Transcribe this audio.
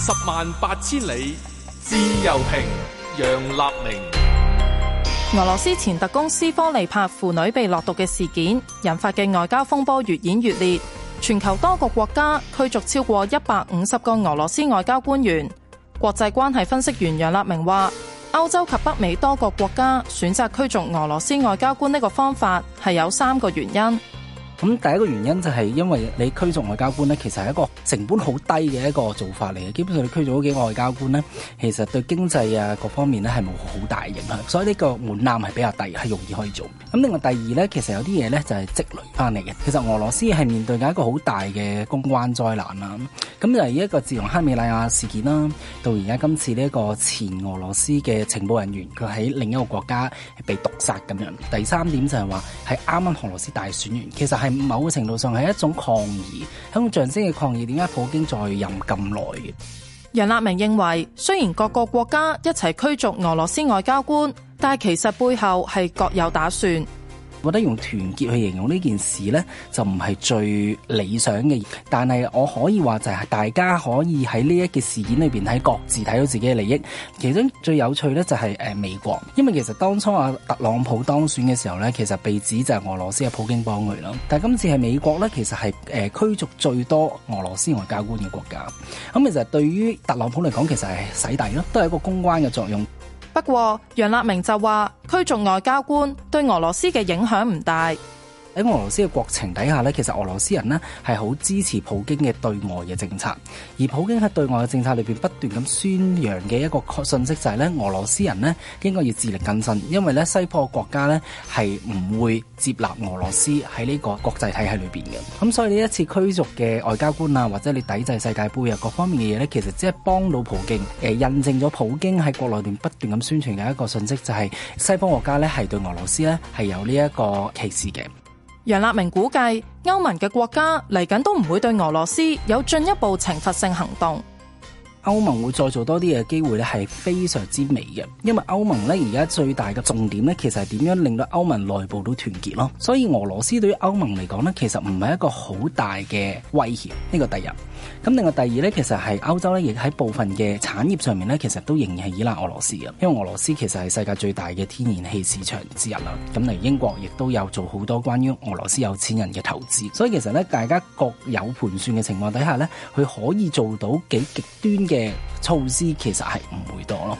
十萬八千里，自由評，楊立明。俄羅斯前特工斯科尼帕父女被落毒嘅事件，引發嘅外交風波越演越烈，全球多個國家驅逐超過一百五十個俄羅斯外交官員。國際關係分析員楊立明話：歐洲及北美多個國家選擇驅逐俄羅斯外交官呢個方法，係有三個原因。咁第一個原因就係因為你驅逐外交官咧，其實係一個成本好低嘅一個做法嚟嘅。基本上你驅逐咗幾個外交官咧，其實對經濟啊各方面咧係冇好大影響。所以呢個門檻係比較低，係容易可以做。咁另外第二咧，其實有啲嘢咧就係積累翻嚟嘅。其實俄羅斯係面對緊一個好大嘅公關災難啦。咁就係一個自從哈美拉亞事件啦，到而家今次呢一個前俄羅斯嘅情報人員，佢喺另一個國家被毒殺咁樣。第三點就係話，係啱啱俄羅斯大選完，其實。某程度上係一種抗議，係象徵嘅抗議。點解普京在任咁耐嘅？楊立明認為，雖然各個國家一齊驅逐俄羅斯外交官，但係其實背後係各有打算。覺得用團結去形容呢件事呢，就唔係最理想嘅。但係我可以話就係大家可以喺呢一嘅事件裏邊喺各自睇到自己嘅利益。其中最有趣呢，就係誒美國，因為其實當初特朗普當選嘅時候呢，其實被指就係俄羅斯嘅普京幫佢咯。但係今次係美國呢，其實係誒驅逐最多俄羅斯外交官嘅國家。咁其實對於特朗普嚟講，其實係洗底咯，都係一個公關嘅作用。不過楊立明就話。驅逐外交官對俄羅斯嘅影響唔大。喺俄羅斯嘅國情底下咧，其實俄羅斯人咧係好支持普京嘅對外嘅政策。而普京喺對外嘅政策裏邊不斷咁宣揚嘅一個訊息就係、是、咧，俄羅斯人咧應該要自力更生，因為咧西方國家咧係唔會接納俄羅斯喺呢個國際體系裏邊嘅。咁所以呢一次驅逐嘅外交官啊，或者你抵制世界盃啊，各方面嘅嘢咧，其實只係幫到普京，誒、呃、印證咗普京喺國內邊不斷咁宣傳嘅一個訊息、就是，就係西方國家咧係對俄羅斯咧係有呢一個歧視嘅。楊立明估計，歐盟嘅國家嚟緊都唔會對俄羅斯有進一步懲罰性行動。歐盟會再做多啲嘅機會咧，係非常之微嘅，因為歐盟咧而家最大嘅重點咧，其實係點樣令到歐盟內部都團結咯。所以俄羅斯對於歐盟嚟講呢，其實唔係一個好大嘅威脅，呢個第一。咁另外第二呢，其實係歐洲咧，亦喺部分嘅產業上面呢，其實都仍然係依賴俄羅斯嘅，因為俄羅斯其實係世界最大嘅天然氣市場之一啦。咁嚟英國亦都有做好多關於俄羅斯有錢人嘅投資，所以其實呢，大家各有盤算嘅情況底下呢，佢可以做到幾極端嘅嘅措施其實係唔會多咯。